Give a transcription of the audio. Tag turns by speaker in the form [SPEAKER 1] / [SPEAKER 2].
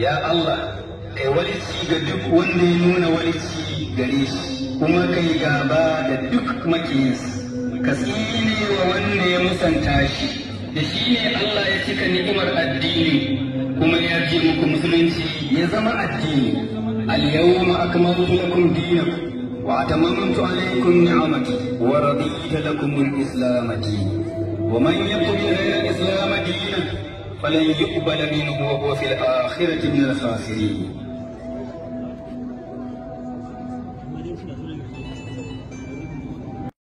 [SPEAKER 1] ya Allah kai walici ga duk wanda ya nuna walici gare shi kuma kai gaba da duk makiyinsa ka tsine wa wanda ya musanta shi da shi ne Allah ya cika ni'imar addini kuma ya ji muku musulunci ya zama addini al-yawma akmaltu lakum dinakum wa atamamtu alaykum ni'amati wa raditu lakum al-islam dinan wa man yaqul
[SPEAKER 2] فلن يقبل
[SPEAKER 1] منه وهو في الآخرة
[SPEAKER 3] من الخاسرين